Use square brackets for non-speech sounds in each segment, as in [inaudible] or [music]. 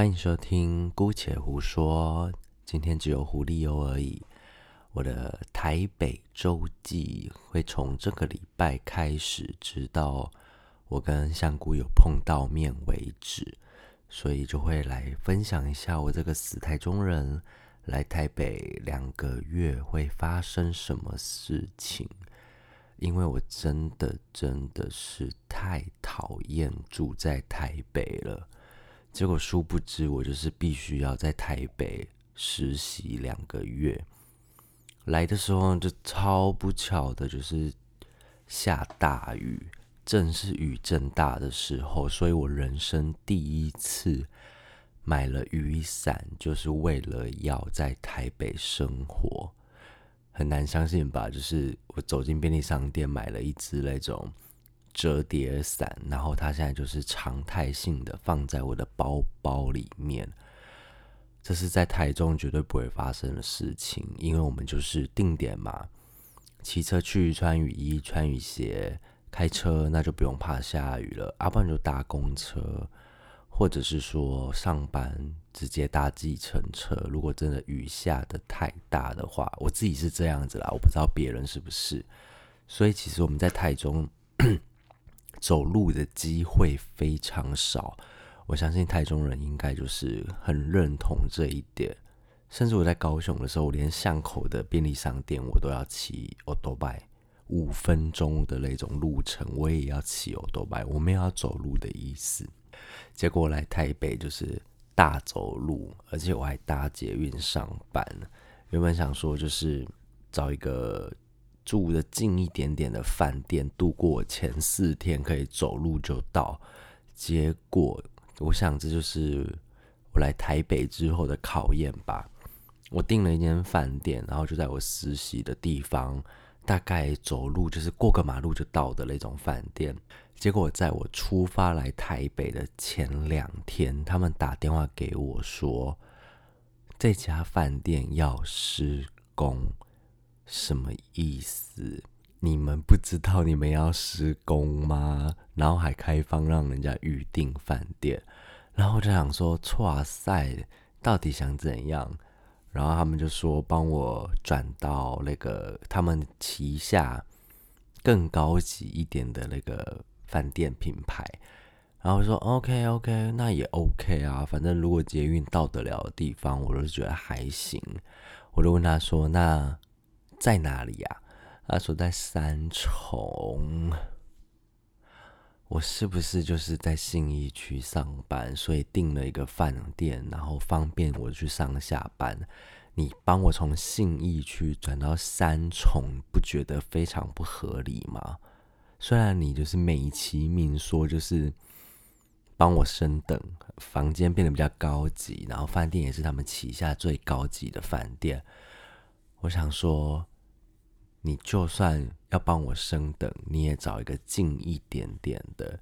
歡迎收聽《姑且胡說》，今天只有胡立歐而已。我的台北週記會從這個禮拜開始，直到我跟香菇有碰到面為止，所以就會來分享一下我這個死台中人來台北兩個月會發生什麼事情。因為我真的真的是太討厭住在台北了。結果殊不知，我就是必須要在台北實習兩個月。來的時候就超不巧的，就是下大雨，正是雨正大的時候，所以我人生第一次買了雨傘，就是為了要在台北生活。很難相信吧？就是我走進便利商店買了一隻那種。折疊傘，然後它現在就是常態性的放在我的包包裡面。這是在台中絕對不會發生的事情，因為我們就是定點嘛，騎車去穿雨衣、穿雨鞋，開車那就不用怕下雨了。阿不然就搭公車，或者是說上班直接搭計程車。如果真的雨下得太大的話，我自己是這樣子啦，我不知道別人是不是。所以其實我們在台中。 [coughs] 走路的機會非常少，我相信台中人應該就是很認同這一點。甚至我在高雄的時候，我連巷口的便利商店我都要騎歐多拜，五分鐘的那種路程我也要騎歐多拜，我沒有要走路的意思。結果來台北就是大走路，而且我還搭捷運上班。原本想說就是找一個。住的近一點點的飯店度過前四天，可以走路就到。結果我想這就是我來台北之後的考驗吧。我訂了一間飯店，然後就在我實習的地方，大概走路就是過個馬路就到的那種飯店。結果在我出發來台北的前兩天，他們打電話給我說，這家飯店要施工。什麼意思？你們不知道你們要施工嗎？然後還開放讓人家預訂飯店，然後我就想說，哇塞，到底想怎樣？然後他們就說幫我轉到那個他們旗下更高級一點的那個飯店品牌，然後我說 OK OK，那也 OK 啊，反正如果捷運到得了的地方，我就覺得還行。我就問他說，那。在哪裡呀？他說在三重。我是不是就是在信義區上班，所以訂了一個飯店，然後方便我去上下班？你幫我從信義區轉到三重，不覺得非常不合理嗎？雖然你就是美其名說就是幫我升等，房間變得比較高級，然後飯店也是他們旗下最高級的飯店。我想說，你就算要幫我升等，你也找一個近一點點的。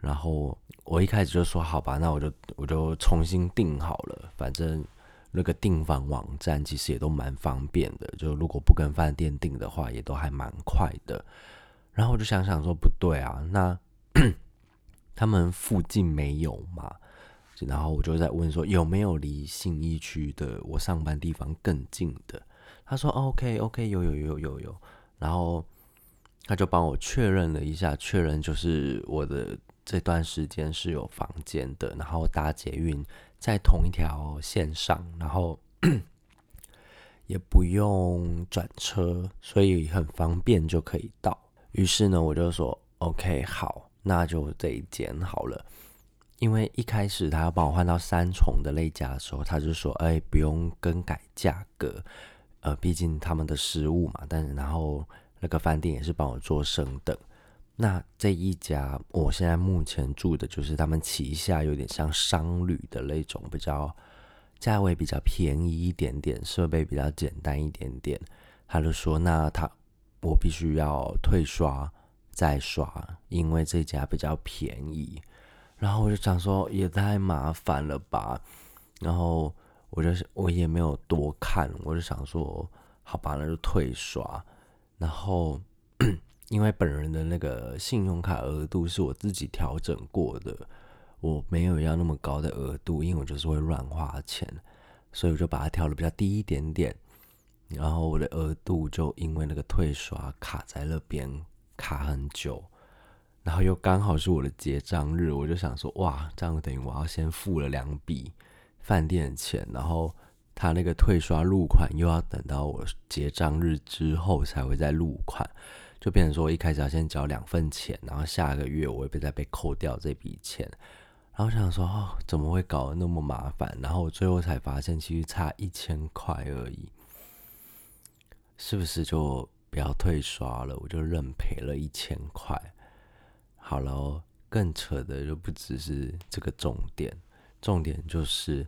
然後我一開始就說：“好吧，那我就我就重新訂好了。”反正那個訂房網站其實也都蠻方便的，就如果不跟飯店訂的話，也都還蠻快的。然後我就想想說：“不對啊，那 [coughs] 他們附近沒有嘛？”然後我就在問說：“有沒有離信義區的我上班地方更近的？”他說、啊、OK OK 有有有有有，然後他就幫我確認了一下，確認就是我的這段時間是有房間的，然後搭捷運在同一條線上，然後 [coughs] 也不用轉車，所以很方便就可以到。於是呢，我就說 OK 好，那就這一間好了。因為一開始他要幫我換到三重的那家的時候，他就說哎、欸，不用更改價格。呃，畢竟他們的失誤嘛，但是然後那個飯店也是幫我做升等。那這一家我現在目前住的就是他們旗下有點像商旅的那種，比較價位比較便宜一點點，設備比較簡單一點點。他就說，那他我必須要退刷再刷，因為這家比較便宜。然後我就想說，也太麻煩了吧。然後。我就是我也沒有多看，我就想說，好吧，那就退刷。然後， [coughs] 因為本人的那個信用卡額度是我自己調整過的，我沒有要那麼高的額度，因為我就是會亂花錢，所以我就把它調了比較低一點點。然後我的額度就因為那個退刷卡在那邊卡很久，然後又剛好是我的結賬日，我就想說，哇，這樣等於我要先付了兩筆。飯店的錢，然後他那個退刷入款又要等到我結賬日之後才會再入款，就變成說我一開始要先交兩份錢，然後下個月我會再被扣掉這筆錢。然後我想說哦，怎麼會搞得那麼麻煩？然後我最後才發現，其實差一千塊而已，是不是就不要退刷了？我就認賠了一千塊。好了哦，更扯的就不只是這個重點，重點就是。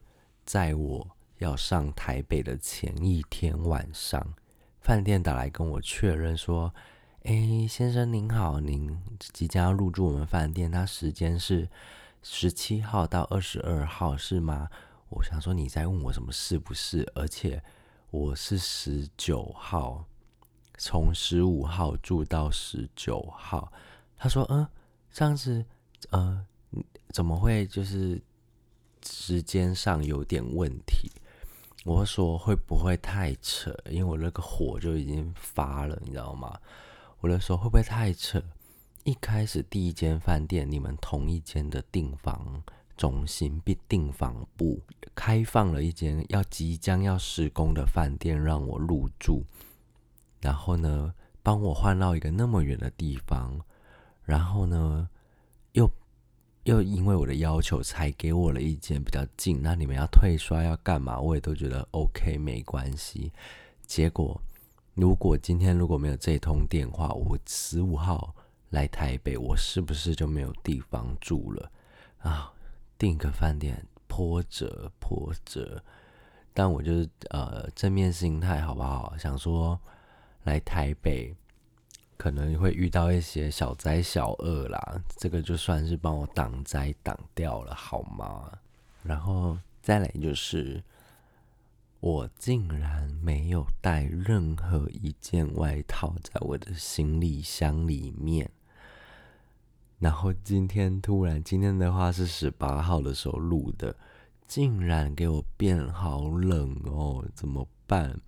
在我要上台北的前一天晚上，飯店打來跟我確認說：“哎、欸，先生您好，您即將要入住我們飯店，它時間是十七號到二十二號，是嗎？”我想說你在問我什麼？是不是？而且我是十九號，從十五號住到十九號。他說：“嗯，這樣子，呃怎麼會就是？”時間上有點問題，我說會不會太扯？因為我那個火就已經發了，你知道嗎？我就說會不會太扯？一開始第一間飯店，你們同一間的訂房中心，必訂房部開放了一間要即將要施工的飯店讓我入住，然後呢，幫我換到一個那麼遠的地方，然後呢，又。又因為我的要求，才給我了一間比較近。那你們要退刷要幹嘛，我也都覺得 OK，沒關係。結果，如果今天如果沒有這通電話，我十五號來台北，我是不是就沒有地方住了啊？訂個飯店，波折，波折。但我就是呃，正面心態好不好？想說來台北。可能會遇到一些小災小厄啦，這個就算是幫我擋災擋掉了，好嗎？然後再來就是，我竟然沒有帶任何一件外套在我的行李箱裡面。然後今天突然，今天的話是十八號的時候錄的，竟然給我變好冷哦，怎麼辦？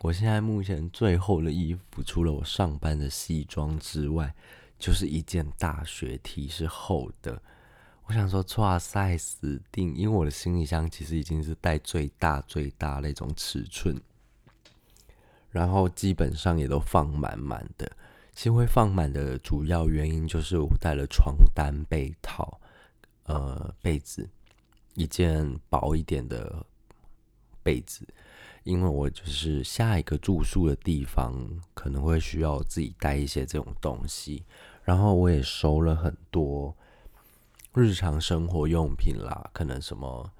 我現在目前最厚的衣服，除了我上班的西裝之外，就是一件大學 T，是厚的。我想說，哇塞，死定！因為我的行李箱其實已經是帶最大最大那種尺寸，然後基本上也都放滿滿的。其實會放滿的主要原因就是我帶了床單、被套、呃被子，一件薄一點的被子。因為我就是下一個住宿的地方，可能會需要自己帶一些這種東西，然後我也收了很多日常生活用品啦，可能什麼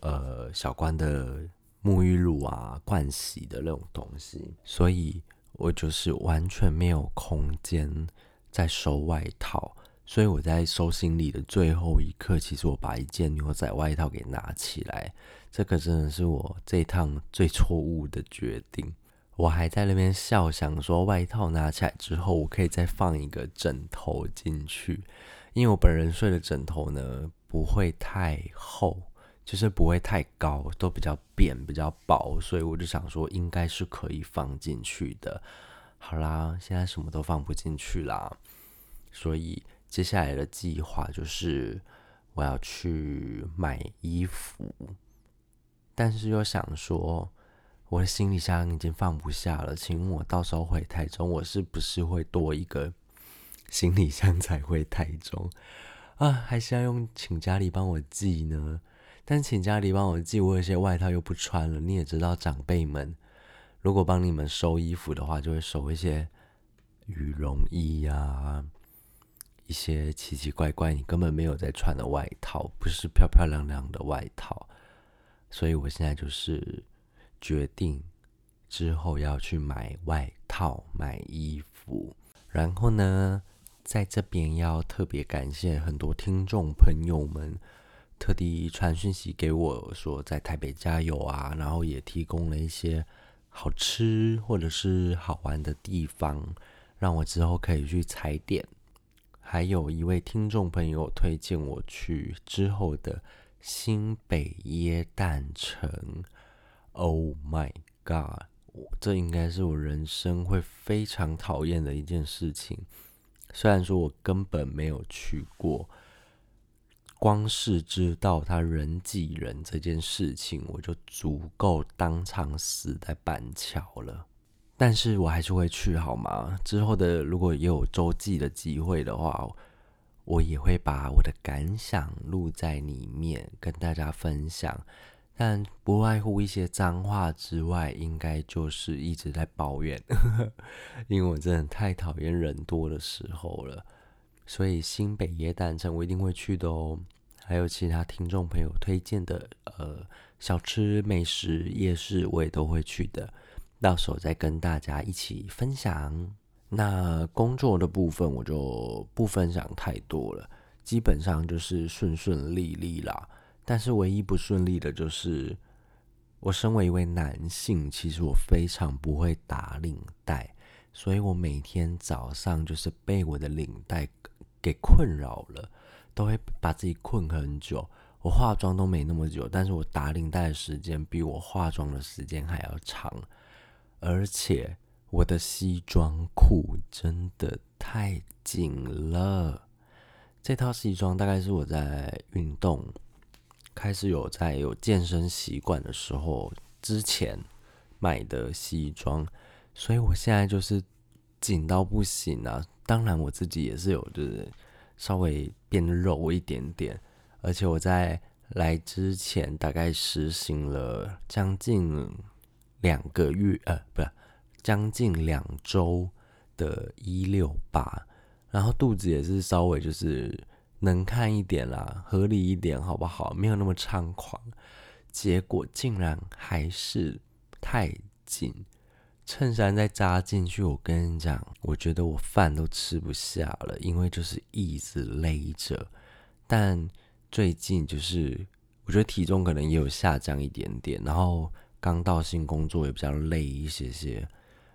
呃小罐的沐浴露啊、盥洗的那種東西，所以我就是完全沒有空間再收外套。所以我在收行李的最後一刻，其實我把一件牛仔外套給拿起來，這個真的是我這一趟最錯誤的決定。我還在那邊笑，想說外套拿起來之後，我可以再放一個枕頭進去，因為我本人睡的枕頭呢不會太厚，就是不會太高，都比較扁、比較薄，所以我就想說應該是可以放進去的。好啦，現在什麼都放不進去啦，所以。接下來的計劃就是我要去買衣服，但是又想說我的行李箱已經放不下了，請問我到時候回台中，我是不是會多一個行李箱才會太重啊？還是要用請家裡幫我寄呢？但請家裡幫我寄，我有些外套又不穿了。你也知道，長輩們如果幫你們收衣服的話，就會收一些羽絨衣呀、啊。一些奇奇怪怪你根本沒有在穿的外套，不是漂漂亮亮的外套，所以我現在就是決定之後要去買外套，買衣服。然後呢，在這邊要特別感謝很多聽眾朋友們，特地傳訊息給我說在台北加油啊，然後也提供了一些好吃或者是好玩的地方，讓我之後可以去踩點。還有一位聽眾朋友推薦我去之後的新北耶誕城，Oh my God！這應該是我人生會非常討厭的一件事情。雖然說我根本沒有去過，光是知道他人擠人這件事情，我就足夠當場死在板橋了。但是我還是會去，好嗎？之後的如果也有週記的機會的話，我也會把我的感想錄在裡面跟大家分享。但不外乎一些髒話之外，應該就是一直在抱怨， [laughs] 因為我真的太討厭人多的時候了。所以新北耶誕城我一定會去的哦，還有其他聽眾朋友推薦的呃小吃、美食、夜市，我也都會去的。到時候再跟大家一起分享。那工作的部分我就不分享太多了，基本上就是順順利利啦。但是唯一不順利的就是，我身為一位男性，其實我非常不會打領帶，所以我每天早上就是被我的領帶給困擾了，都會把自己困很久。我化妝都沒那麼久，但是我打領帶的時間比我化妝的時間還要長。而且我的西裝褲真的太緊了。這套西裝大概是我在運動開始有在有健身習慣的時候之前買的西裝，所以我現在就是緊到不行啊！當然我自己也是有就是稍微變肉一點點，而且我在來之前大概實行了將近。兩個月呃，不是將近兩周的一六八，然後肚子也是稍微就是能看一點啦，合理一點好不好？沒有那麼猖狂，結果竟然還是太緊，襯衫再扎進去，我跟你講，我覺得我飯都吃不下了，因為就是一直勒着。但最近就是我覺得體重可能也有下降一點點，然後。剛到新工作也比較累一些些，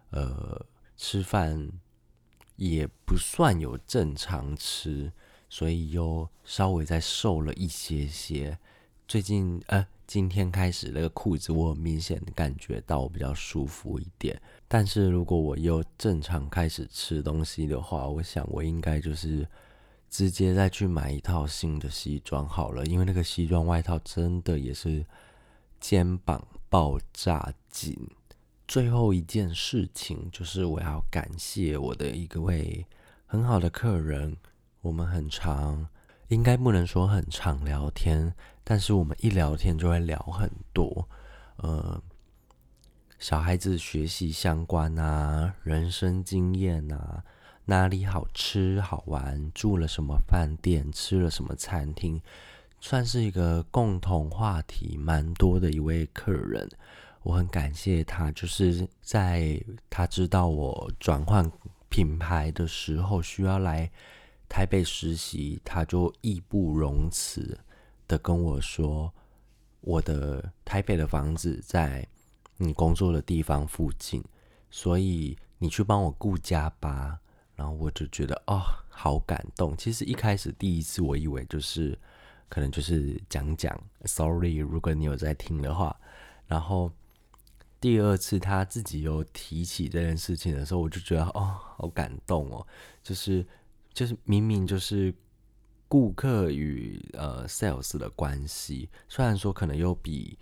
呃，吃飯也不算有正常吃，所以又稍微再瘦了一些些。最近呃，今天開始那個褲子，我很明顯的感覺到我比較舒服一點。但是如果我又正常開始吃東西的話，我想我應該就是直接再去買一套新的西裝好了，因為那個西裝外套真的也是。肩膀爆炸緊，最後一件事情就是我要感謝我的一個位很好的客人。我們很常，應該不能說很常聊天，但是我們一聊天就會聊很多。嗯、呃，小孩子學習相關啊，人生經驗啊，哪裡好吃好玩，住了什麼飯店，吃了什麼餐廳。算是一個共同話題蠻多的一位客人，我很感謝他。就是在他知道我轉換品牌的時候，需要來台北實習，他就義不容辭的跟我說：“我的台北的房子在你工作的地方附近，所以你去幫我顧家吧。”然後我就覺得哦，好感動。其實一開始第一次，我以為就是。可能就是講講，sorry，如果你有在聽的話。然後第二次他自己又提起這件事情的時候，我就覺得哦，好感動哦，就是就是明明就是顧客與呃 sales 的關係，雖然說可能又比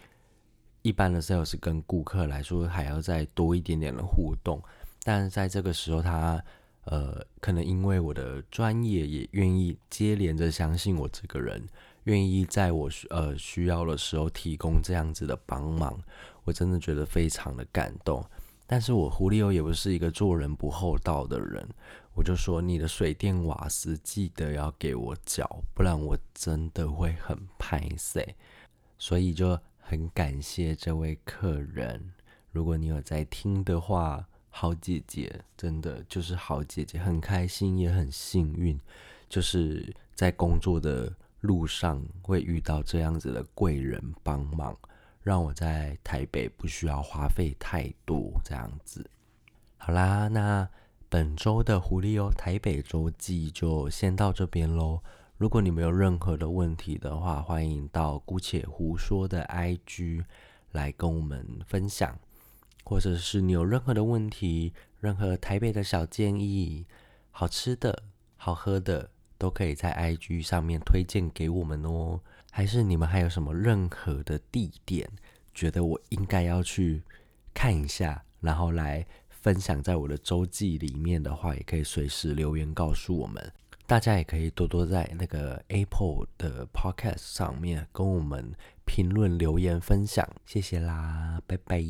一般的 sales 跟顧客來說還要再多一點點的互動，但是在這個時候他，他呃，可能因為我的專業，也願意接連着相信我這個人。願意在我需，呃，需要的時候提供這樣子的幫忙，我真的覺得非常的感動。但是我胡立歐也不是一個做人不厚道的人，我就說，你的水電瓦斯記得要給我繳，不然我真的會很歹勢。所以就很感謝這位客人。如果你有在聽的話，好姐姐真的就是好姐姐，很開心也很幸運，就是在工作的。路上會遇到這樣子的貴人幫忙，讓我在台北不需要花費太多這樣子。好啦，那本周的胡立歐台北周記就先到這邊咯。如果你沒有任何的問題的話，歡迎到姑且胡說的 IG 來跟我們分享，或者是你有任何的問題、任何台北的小建議、好吃的、好喝的。都可以在 IG 上面推薦給我們哦，還是你們還有什麼任何的地點，覺得我應該要去看一下，然後來分享在我的週記裡面的話，也可以隨時留言告訴我們。大家也可以多多在那個 Apple 的 Podcast 上面跟我們評論留言分享，謝謝啦，拜拜。